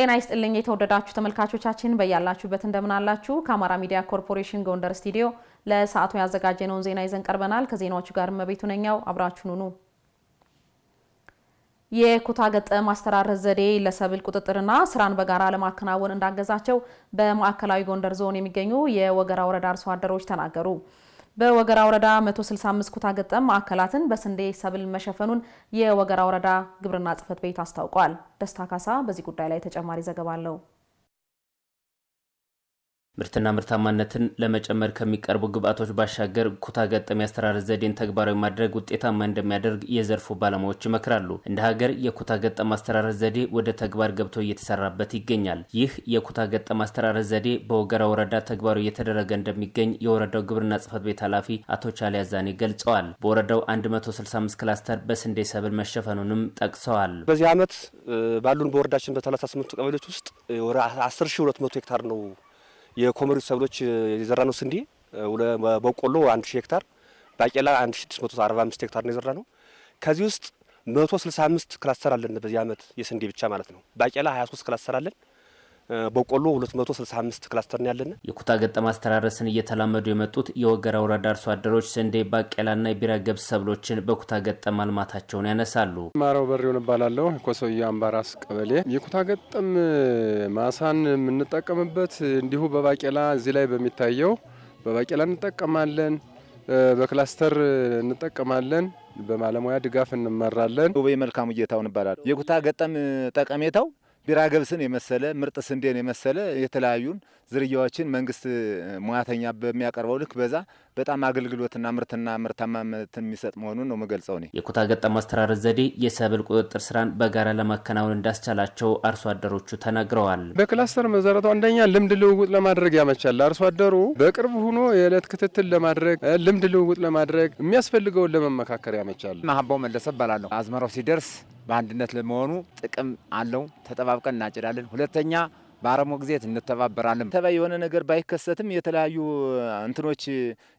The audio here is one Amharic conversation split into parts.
ጤና ይስጥልኝ የተወደዳችሁ ተመልካቾቻችን በያላችሁበት እንደምናላችሁ። ከአማራ ሚዲያ ኮርፖሬሽን ጎንደር ስቱዲዮ ለሰዓቱ ያዘጋጀነውን ዜና ይዘን ቀርበናል። ከዜናዎቹ ጋር መቤቱ ነኛው፣ አብራችሁን ኑ። የኩታ ገጠም አስተራረስ ዘዴ ለሰብል ቁጥጥርና ስራን በጋራ ለማከናወን እንዳገዛቸው በማዕከላዊ ጎንደር ዞን የሚገኙ የወገራ ወረዳ አርሶ አደሮች ተናገሩ። በወገራ ወረዳ 165 ኩታ ገጠም ማዕከላትን በስንዴ ሰብል መሸፈኑን የወገራ ወረዳ ግብርና ጽሕፈት ቤት አስታውቋል። ደስታ ካሳ በዚህ ጉዳይ ላይ ተጨማሪ ዘገባ አለው። ምርትና ምርታማነትን ለመጨመር ከሚቀርቡ ግብዓቶች ባሻገር ኩታ ገጠም የአስተራረስ ዘዴን ተግባራዊ ማድረግ ውጤታማ እንደሚያደርግ የዘርፉ ባለሙያዎች ይመክራሉ። እንደ ሀገር የኩታ ገጠም አስተራረስ ዘዴ ወደ ተግባር ገብቶ እየተሰራበት ይገኛል። ይህ የኩታ ገጠም አስተራረስ ዘዴ በወገራ ወረዳ ተግባሩ እየተደረገ እንደሚገኝ የወረዳው ግብርና ጽሕፈት ቤት ኃላፊ አቶ ቻሌ አዛኔ ገልጸዋል። በወረዳው 165 ክላስተር በስንዴ ሰብል መሸፈኑንም ጠቅሰዋል። በዚህ ዓመት ባሉን በወረዳችን በ38 ቀበሌዎች ውስጥ 10200 ሄክታር ነው የኮመሪ ሰብሎች የዘራነው ስንዴ በቆሎ 1000 ሄክታር፣ ባቄላ 1645 ሄክታር ነው ነው። ከዚህ ውስጥ 165 ክላስተር አለን በዚህ ዓመት የስንዴ ብቻ ማለት ነው። ባቄላ 23 ክላስተር አለን። በቆሎ 265 ክላስተር ነው ያለን። የኩታ ገጠም አስተራረስን እየተላመዱ የመጡት የወገራ ወረዳ አርሶ አደሮች ስንዴ፣ ባቄላና የቢራ ገብስ ሰብሎችን በኩታ ገጠም አልማታቸውን ያነሳሉ። ማረው በሬውን እባላለሁ። ኮሰያ አምባራስ ቀበሌ የኩታ ገጠም ማሳን የምንጠቀምበት እንዲሁ በባቄላ እዚህ ላይ በሚታየው በባቄላ እንጠቀማለን በክላስተር እንጠቀማለን። በማለሙያ ድጋፍ እንመራለን። ውቤ መልካሙ እየታውን እባላለሁ። የኩታ ገጠም ጠቀሜታው ቢራ ገብስን የመሰለ ምርጥ ስንዴን የመሰለ የተለያዩን ዝርያዎችን መንግስት ሙያተኛ በሚያቀርበው ልክ በዛ በጣም አገልግሎትና ምርትና ምርታማነት የሚሰጥ መሆኑን ነው የምገልጸው። እኔ የኩታ ገጠም አስተራረስ ዘዴ የሰብል ቁጥጥር ስራን በጋራ ለማከናወን እንዳስቻላቸው አርሶ አደሮቹ ተናግረዋል። በክላስተር መዘረቱ አንደኛ ልምድ ልውውጥ ለማድረግ ያመቻል። አርሶ አደሩ በቅርብ ሆኖ የዕለት ክትትል ለማድረግ ልምድ ልውውጥ ለማድረግ የሚያስፈልገውን ለመመካከር ያመቻል። ማሀባው መለሰ እባላለሁ። አዝመራው ሲደርስ በአንድነት ለመሆኑ ጥቅም አለው። ተጠባብቀን እናጭዳለን። ሁለተኛ በአረሞ ጊዜ እንተባበራለን። ተባይ የሆነ ነገር ባይከሰትም የተለያዩ እንትኖች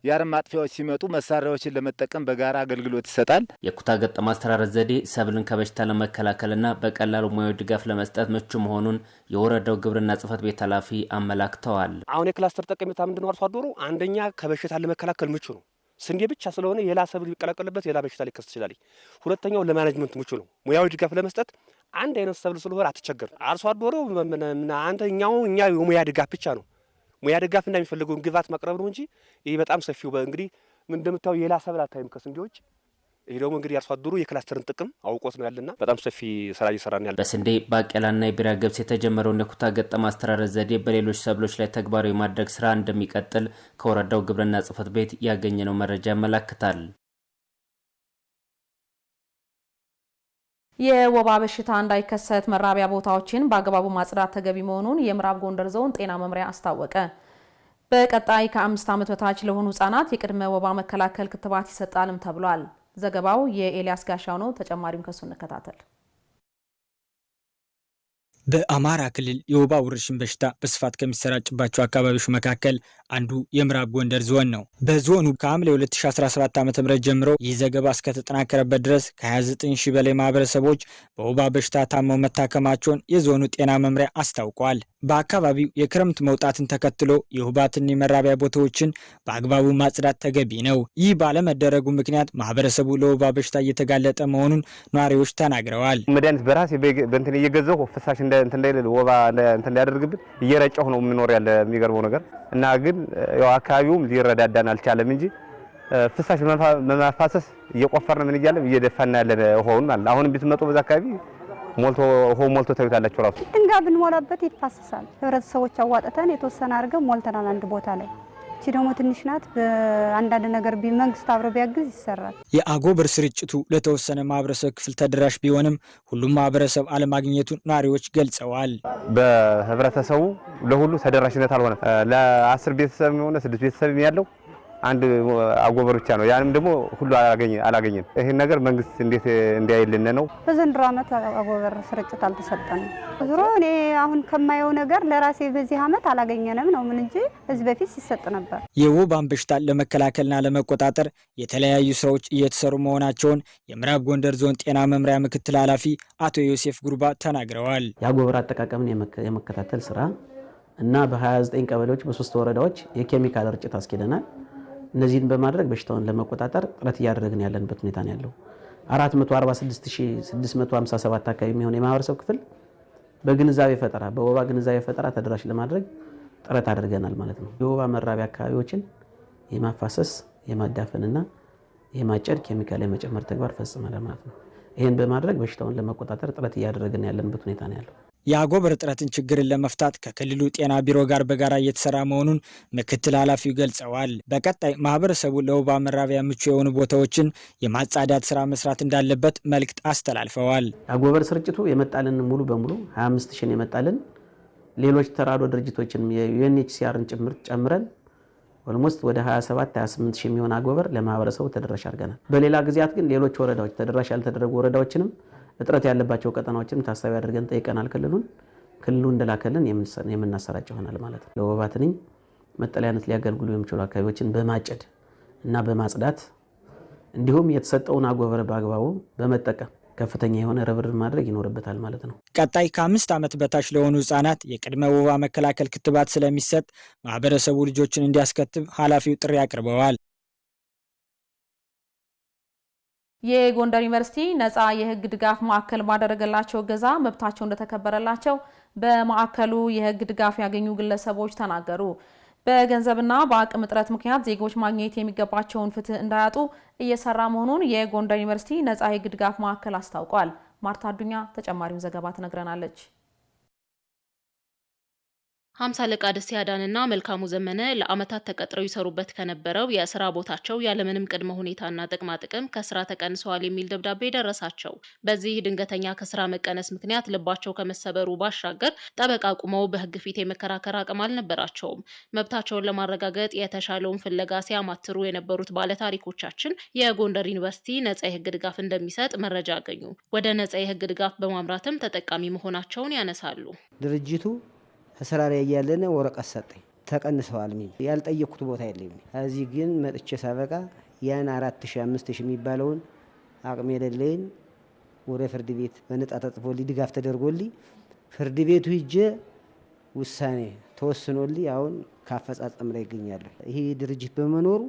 የአረም ማጥፊያዎች ሲመጡ መሳሪያዎችን ለመጠቀም በጋራ አገልግሎት ይሰጣል። የኩታ ገጠ አስተራረስ ዘዴ ሰብልን ከበሽታ ለመከላከልና በቀላሉ ሙያዊ ድጋፍ ለመስጠት ምቹ መሆኑን የወረዳው ግብርና ጽህፈት ቤት ኃላፊ አመላክተዋል። አሁን የክላስተር ጠቀሜታ ምንድነው? አርሶ አደሩ አንደኛ ከበሽታ ለመከላከል ምቹ ነው። ስንዴ ብቻ ስለሆነ የላ ሰብል ሊቀላቀልበት የላ በሽታ ሊከሰት ይችላል። ሁለተኛው ለማኔጅመንት ምቹ ነው። ሙያዊ ድጋፍ ለመስጠት አንድ አይነት ሰብል ስለሆነ አትቸገርም። አርሶ አደሮ አንተ እኛው እኛ የሙያ ድጋፍ ብቻ ነው ሙያ ድጋፍ እንደሚፈልገውን ግብዓት ማቅረብ ነው እንጂ ይህ በጣም ሰፊው እንግዲህ እንደምታው የላ ሰብል አታይም ከስንዴዎች። ይሄ ደግሞ እንግዲህ አርሶ አደሩ የክላስተርን ጥቅም አውቆት ነው ያለና በጣም ሰፊ ስራ እየሰራ ያለ። በስንዴ ባቄላና የቢራ ገብስ የተጀመረውን የኩታ ገጠም አስተራረስ ዘዴ በሌሎች ሰብሎች ላይ ተግባራዊ ማድረግ ስራ እንደሚቀጥል ከወረዳው ግብርና ጽህፈት ቤት ያገኘነው መረጃ ያመላክታል። የወባ በሽታ እንዳይከሰት መራቢያ ቦታዎችን በአግባቡ ማጽዳት ተገቢ መሆኑን የምዕራብ ጎንደር ዞን ጤና መምሪያ አስታወቀ። በቀጣይ ከአምስት ዓመት በታች ለሆኑ ህጻናት የቅድመ ወባ መከላከል ክትባት ይሰጣልም ተብሏል። ዘገባው የኤልያስ ጋሻው ነው። ተጨማሪም ከሱ እንከታተል። በአማራ ክልል የወባ ወረርሽኝ በሽታ በስፋት ከሚሰራጭባቸው አካባቢዎች መካከል አንዱ የምዕራብ ጎንደር ዞን ነው። በዞኑ ከሐምሌ 2017 ዓ ም ጀምሮ ይህ ዘገባ እስከተጠናከረበት ድረስ ከ29 ሺህ በላይ ማህበረሰቦች በወባ በሽታ ታመው መታከማቸውን የዞኑ ጤና መምሪያ አስታውቋል። በአካባቢው የክረምት መውጣትን ተከትሎ የወባ ትንኝ መራቢያ ቦታዎችን በአግባቡ ማጽዳት ተገቢ ነው። ይህ ባለመደረጉ ምክንያት ማህበረሰቡ ለወባ በሽታ እየተጋለጠ መሆኑን ነዋሪዎች ተናግረዋል። መድኃኒት በራሴ በእንትን እየገዛሁ ፈሳሽ እንደ እንትን እንዳይል ወባ እንትን እንዳያደርግብን እየረጨሁ ነው የምኖር ያለ የሚገርመው ነገር እና ግን ያው አካባቢውም ሊረዳዳን አልቻለም እንጂ ፍሳሽ በማፋሰስ እየቆፈርን ምን እያለን እየደፋና ያለን ውሃውን አለ። አሁንም ብትመጡ በዛ አካባቢ ሞልቶ ውሃው ሞልቶ ታዩታላችሁ። ራሱ ድንጋይ ብንሞላበት ይፋሰሳል። ህብረተሰቦች አዋጥተን የተወሰነ አድርገን ሞልተናል አንድ ቦታ ላይ እቺ ደግሞ ትንሽ ናት። በአንዳንድ ነገር መንግስት አብሮ ቢያግዝ ይሰራል። የአጎበር ስርጭቱ ለተወሰነ ማህበረሰብ ክፍል ተደራሽ ቢሆንም ሁሉም ማህበረሰብ አለማግኘቱን ነዋሪዎች ገልጸዋል። በህብረተሰቡ ለሁሉ ተደራሽነት አልሆነ ለአስር ቤተሰብ የሆነ ስድስት ቤተሰብ ያለው አንድ አጎበር ብቻ ነው። ያንም ደግሞ ሁሉ አላገኘን። ይህን ነገር መንግስት እንዴት እንዲያይልን ነው። በዘንድሮ ዓመት አጎበር ስርጭት አልተሰጠንም። ዙሮ እኔ አሁን ከማየው ነገር ለራሴ በዚህ ዓመት አላገኘንም ነው ምን እንጂ እዚህ በፊት ሲሰጥ ነበር። የወባን በሽታን ለመከላከልና ለመቆጣጠር የተለያዩ ስራዎች እየተሰሩ መሆናቸውን የምዕራብ ጎንደር ዞን ጤና መምሪያ ምክትል ኃላፊ አቶ ዮሴፍ ጉርባ ተናግረዋል። የአጎበር አጠቃቀምን የመከታተል ስራ እና በ29 ቀበሌዎች በሶስት ወረዳዎች የኬሚካል ርጭት አስኪደናል። እነዚህን በማድረግ በሽታውን ለመቆጣጠር ጥረት እያደረግን ያለንበት ሁኔታ ነው ያለው። 446657 አካባቢ የሚሆን የማህበረሰብ ክፍል በግንዛቤ ፈጠራ በወባ ግንዛቤ ፈጠራ ተደራሽ ለማድረግ ጥረት አድርገናል ማለት ነው። የወባ መራቢያ አካባቢዎችን የማፋሰስ የማዳፈንና የማጨድ ኬሚካል የመጨመር ተግባር ፈጽመናል ማለት ነው። ይህን በማድረግ በሽታውን ለመቆጣጠር ጥረት እያደረግን ያለንበት ሁኔታ ነው ያለው። የአጎበር እጥረትን ችግርን ለመፍታት ከክልሉ ጤና ቢሮ ጋር በጋራ እየተሰራ መሆኑን ምክትል ኃላፊው ገልጸዋል። በቀጣይ ማህበረሰቡ ለወባ መራቢያ ምቹ የሆኑ ቦታዎችን የማጻዳት ስራ መስራት እንዳለበት መልእክት አስተላልፈዋል። የአጎበር ስርጭቱ የመጣልን ሙሉ በሙሉ 25 ሽን የመጣልን ሌሎች ተራዶ ድርጅቶችን የዩኤንኤችሲአርን ጭምር ጨምረን ኦልሞስት ወደ 27 28 ሺህ የሚሆን አጎበር ለማህበረሰቡ ተደራሽ አድርገናል። በሌላ ጊዜያት ግን ሌሎች ወረዳዎች ተደራሽ ያልተደረጉ ወረዳዎችንም እጥረት ያለባቸው ቀጠናዎችን ታሳቢ አድርገን ጠይቀናል ክልሉን። ክልሉ እንደላከልን የምናሰራጭ ይሆናል ማለት ነው። ለወባ ትንኝ መጠለያነት ሊያገልግሉ የሚችሉ አካባቢዎችን በማጨድ እና በማጽዳት እንዲሁም የተሰጠውን አጎበር በአግባቡ በመጠቀም ከፍተኛ የሆነ ርብር ማድረግ ይኖርበታል ማለት ነው። ቀጣይ ከአምስት ዓመት በታች ለሆኑ ህጻናት የቅድመ ወባ መከላከል ክትባት ስለሚሰጥ ማህበረሰቡ ልጆችን እንዲያስከትብ ኃላፊው ጥሪ አቅርበዋል። የጎንደር ዩኒቨርሲቲ ነፃ የህግ ድጋፍ ማዕከል ባደረገላቸው እገዛ መብታቸው እንደተከበረላቸው በማዕከሉ የህግ ድጋፍ ያገኙ ግለሰቦች ተናገሩ። በገንዘብና በአቅም እጥረት ምክንያት ዜጎች ማግኘት የሚገባቸውን ፍትህ እንዳያጡ እየሰራ መሆኑን የጎንደር ዩኒቨርሲቲ ነፃ የህግ ድጋፍ ማዕከል አስታውቋል። ማርታ አዱኛ ተጨማሪውን ዘገባ ትነግረናለች። ሀምሳ አለቃ ደሴ አዳንና መልካሙ ዘመነ ለአመታት ተቀጥረው ይሰሩበት ከነበረው የስራ ቦታቸው ያለምንም ቅድመ ሁኔታና ጥቅማ ጥቅም ከስራ ተቀንሰዋል የሚል ደብዳቤ ደረሳቸው። በዚህ ድንገተኛ ከስራ መቀነስ ምክንያት ልባቸው ከመሰበሩ ባሻገር ጠበቃ ቁመው በህግ ፊት የመከራከር አቅም አልነበራቸውም። መብታቸውን ለማረጋገጥ የተሻለውን ፍለጋ ሲያማትሩ የነበሩት ባለታሪኮቻችን የጎንደር ዩኒቨርሲቲ ነጻ የህግ ድጋፍ እንደሚሰጥ መረጃ አገኙ። ወደ ነጻ የህግ ድጋፍ በማምራትም ተጠቃሚ መሆናቸውን ያነሳሉ። ድርጅቱ ስራ ላይ እያለን ወረቀት ሰጠኝ። ተቀንሰዋል ሚል ያልጠየቅኩት ቦታ የለኝ። እዚህ ግን መጥቼ ሳበቃ ያን አራት ሺ አምስት ሺ የሚባለውን አቅም የሌለይን ወደ ፍርድ ቤት በነጻ ተጽፎልኝ ድጋፍ ተደርጎልኝ ፍርድ ቤቱ ሂጄ ውሳኔ ተወስኖልኝ አሁን ካፈጻጸም ላይ ይገኛለሁ። ይህ ድርጅት በመኖሩ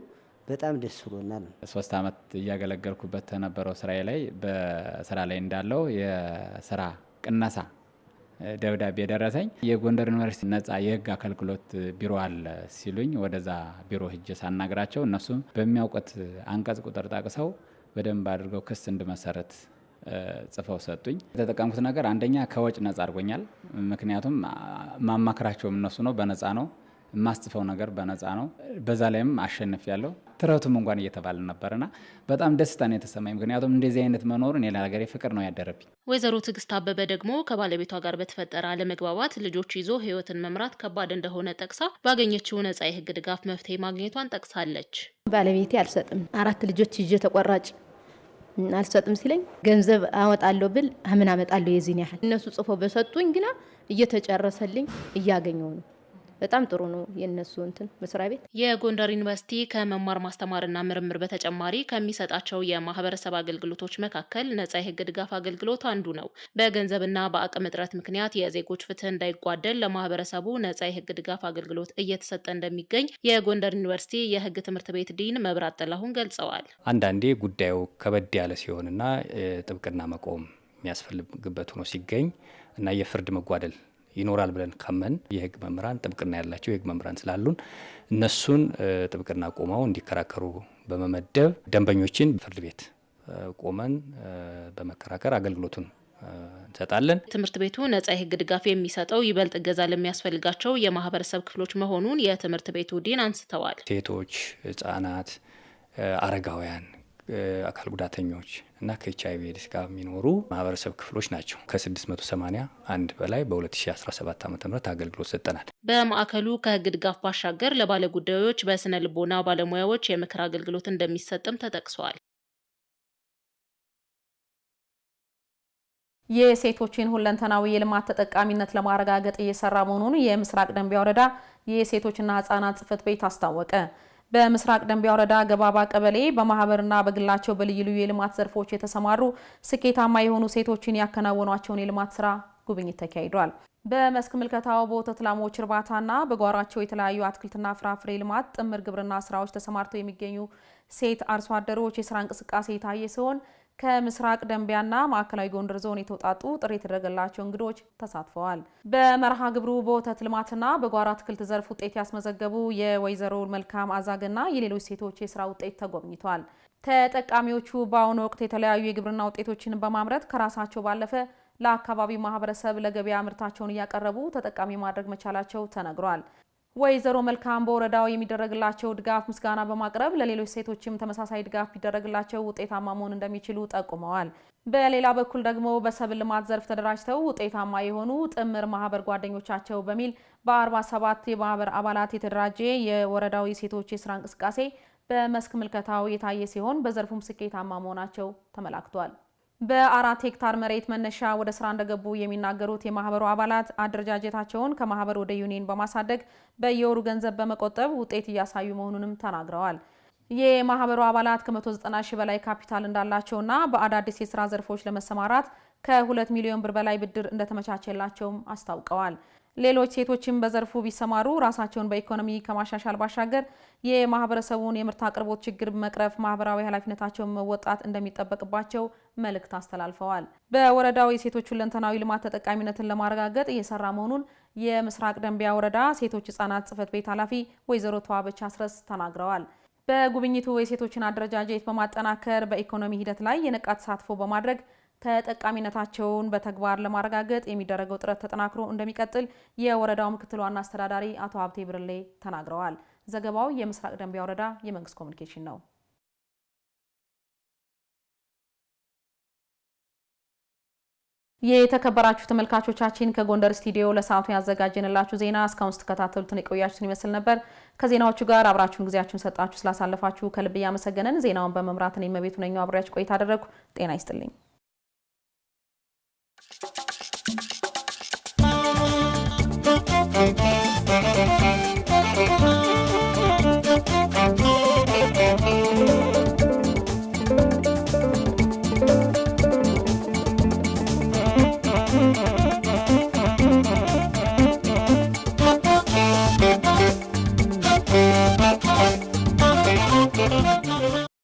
በጣም ደስ ብሎናል። ሶስት አመት እያገለገልኩበት ተነበረው ስራዬ ላይ በስራ ላይ እንዳለው የስራ ቅነሳ ደብዳቤ ደረሰኝ። የጎንደር ዩኒቨርሲቲ ነጻ የህግ አገልግሎት ቢሮ አለ ሲሉኝ ወደዛ ቢሮ ህጅ ሳናግራቸው እነሱም በሚያውቁት አንቀጽ ቁጥር ጠቅሰው በደንብ አድርገው ክስ እንድመሰረት ጽፈው ሰጡኝ። የተጠቀምኩት ነገር አንደኛ ከወጭ ነጻ አድርጎኛል። ምክንያቱም ማማከራቸውም እነሱ ነው፣ በነጻ ነው። የማስጽፈው ነገር በነጻ ነው። በዛ ላይም አሸንፍ ያለው ትረቱም እንኳን እየተባለ ነበርና በጣም ደስታን የተሰማኝ ምክንያቱም እንደዚህ አይነት መኖር እኔ ለሀገሬ ፍቅር ነው ያደረብኝ። ወይዘሮ ትዕግስት አበበ ደግሞ ከባለቤቷ ጋር በተፈጠረ አለመግባባት ልጆች ይዞ ህይወትን መምራት ከባድ እንደሆነ ጠቅሳ ባገኘችው ነጻ የህግ ድጋፍ መፍትሄ ማግኘቷን ጠቅሳለች። ባለቤቴ አልሰጥም አራት ልጆች ይዤ ተቆራጭ አልሰጥም ሲለኝ ገንዘብ አወጣለሁ ብል ምን አመጣለሁ የዚህን ያህል እነሱ ጽፎ በሰጡኝ ግና እየተጨረሰልኝ እያገኘው ነው በጣም ጥሩ ነው የነሱ እንትን መስሪያ ቤት። የጎንደር ዩኒቨርሲቲ ከመማር ማስተማርና ምርምር በተጨማሪ ከሚሰጣቸው የማህበረሰብ አገልግሎቶች መካከል ነጻ የህግ ድጋፍ አገልግሎት አንዱ ነው። በገንዘብና በአቅም እጥረት ምክንያት የዜጎች ፍትህ እንዳይጓደል ለማህበረሰቡ ነጻ የህግ ድጋፍ አገልግሎት እየተሰጠ እንደሚገኝ የጎንደር ዩኒቨርሲቲ የህግ ትምህርት ቤት ዲን መብራት ጥላሁን ገልጸዋል። አንዳንዴ ጉዳዩ ከበድ ያለ ሲሆንና ጥብቅና መቆም የሚያስፈልግበት ሆኖ ሲገኝ እና የፍርድ መጓደል ይኖራል ብለን ካመን የህግ መምህራን ጥብቅና ያላቸው የህግ መምህራን ስላሉን እነሱን ጥብቅና ቆመው እንዲከራከሩ በመመደብ ደንበኞችን ፍርድ ቤት ቆመን በመከራከር አገልግሎቱን እንሰጣለን። ትምህርት ቤቱ ነጻ የህግ ድጋፍ የሚሰጠው ይበልጥ እገዛ ለሚያስፈልጋቸው የማህበረሰብ ክፍሎች መሆኑን የትምህርት ቤቱ ዲን አንስተዋል። ሴቶች፣ ህጻናት፣ አረጋውያን አካል ጉዳተኞች እና ከኤች አይቪ ኤድስ ጋር የሚኖሩ ማህበረሰብ ክፍሎች ናቸው። ከ681 በላይ በ2017 ዓ ም አገልግሎት ሰጠናል። በማዕከሉ ከህግ ድጋፍ ባሻገር ለባለጉዳዮች በስነ ልቦና ባለሙያዎች የምክር አገልግሎት እንደሚሰጥም ተጠቅሷል። የሴቶችን ሁለንተናዊ የልማት ተጠቃሚነት ለማረጋገጥ እየሰራ መሆኑን የምስራቅ ደንቢያ ወረዳ የሴቶችና ህጻናት ጽህፈት ቤት አስታወቀ። በምስራቅ ደንቢያ ወረዳ ገባባ ቀበሌ በማህበርና በግላቸው በልዩ ልዩ የልማት ዘርፎች የተሰማሩ ስኬታማ የሆኑ ሴቶችን ያከናወኗቸውን የልማት ስራ ጉብኝት ተካሂዷል። በመስክ ምልከታው በወተት ላሞች እርባታና በጓሯቸው የተለያዩ አትክልትና ፍራፍሬ ልማት ጥምር ግብርና ስራዎች ተሰማርተው የሚገኙ ሴት አርሶ አደሮች የስራ እንቅስቃሴ የታየ ሲሆን ከምስራቅ ደንቢያና ማዕከላዊ ጎንደር ዞን የተውጣጡ ጥሪ የተደረገላቸው እንግዶች ተሳትፈዋል። በመርሃ ግብሩ በወተት ልማትና በጓሮ አትክልት ዘርፍ ውጤት ያስመዘገቡ የወይዘሮ መልካም አዛግና የሌሎች ሴቶች የስራ ውጤት ተጎብኝቷል። ተጠቃሚዎቹ በአሁኑ ወቅት የተለያዩ የግብርና ውጤቶችን በማምረት ከራሳቸው ባለፈ ለአካባቢው ማህበረሰብ ለገበያ ምርታቸውን እያቀረቡ ተጠቃሚ ማድረግ መቻላቸው ተነግሯል። ወይዘሮ መልካም በወረዳው የሚደረግላቸው ድጋፍ ምስጋና በማቅረብ ለሌሎች ሴቶችም ተመሳሳይ ድጋፍ ቢደረግላቸው ውጤታማ መሆን እንደሚችሉ ጠቁመዋል። በሌላ በኩል ደግሞ በሰብል ልማት ዘርፍ ተደራጅተው ውጤታማ የሆኑ ጥምር ማህበር ጓደኞቻቸው በሚል በ47 የማህበር አባላት የተደራጀ የወረዳው የሴቶች የስራ እንቅስቃሴ በመስክ ምልከታው የታየ ሲሆን በዘርፉም ስኬታማ መሆናቸው ተመላክቷል። በአራት ሄክታር መሬት መነሻ ወደ ስራ እንደገቡ የሚናገሩት የማህበሩ አባላት አደረጃጀታቸውን ከማህበር ወደ ዩኒየን በማሳደግ በየወሩ ገንዘብ በመቆጠብ ውጤት እያሳዩ መሆኑንም ተናግረዋል። የማህበሩ አባላት ከ190 ሺህ በላይ ካፒታል እንዳላቸውና በአዳዲስ የስራ ዘርፎች ለመሰማራት ከ2 ሚሊዮን ብር በላይ ብድር እንደተመቻቸላቸውም አስታውቀዋል። ሌሎች ሴቶችን በዘርፉ ቢሰማሩ ራሳቸውን በኢኮኖሚ ከማሻሻል ባሻገር የማህበረሰቡን የምርት አቅርቦት ችግር መቅረፍ፣ ማህበራዊ ኃላፊነታቸውን መወጣት እንደሚጠበቅባቸው መልእክት አስተላልፈዋል። በወረዳው የሴቶች ሁለንተናዊ ልማት ተጠቃሚነትን ለማረጋገጥ እየሰራ መሆኑን የምስራቅ ደንቢያ ወረዳ ሴቶች ህጻናት ጽህፈት ቤት ኃላፊ ወይዘሮ ተዋበች አስረስ ተናግረዋል። በጉብኝቱ የሴቶችን አደረጃጀት በማጠናከር በኢኮኖሚ ሂደት ላይ የነቃ ተሳትፎ በማድረግ ተጠቃሚነታቸውን በተግባር ለማረጋገጥ የሚደረገው ጥረት ተጠናክሮ እንደሚቀጥል የወረዳው ምክትል ዋና አስተዳዳሪ አቶ ሀብቴ ብርሌ ተናግረዋል። ዘገባው የምስራቅ ደንቢያ ወረዳ የመንግስት ኮሚኒኬሽን ነው። የተከበራችሁ ተመልካቾቻችን ከጎንደር ስቱዲዮ ለሰዓቱ ያዘጋጀንላችሁ ዜና እስካሁን ስትከታተሉትን የቆያችሁትን ይመስል ነበር። ከዜናዎቹ ጋር አብራችሁን ጊዜያችሁን ሰጣችሁ ስላሳለፋችሁ ከልብ እያመሰገነን ዜናውን በመምራት እኔ እመቤቱ ነኝ አብሬያችሁ ቆይታ አደረግኩ። ጤና ይስጥልኝ። Thank you.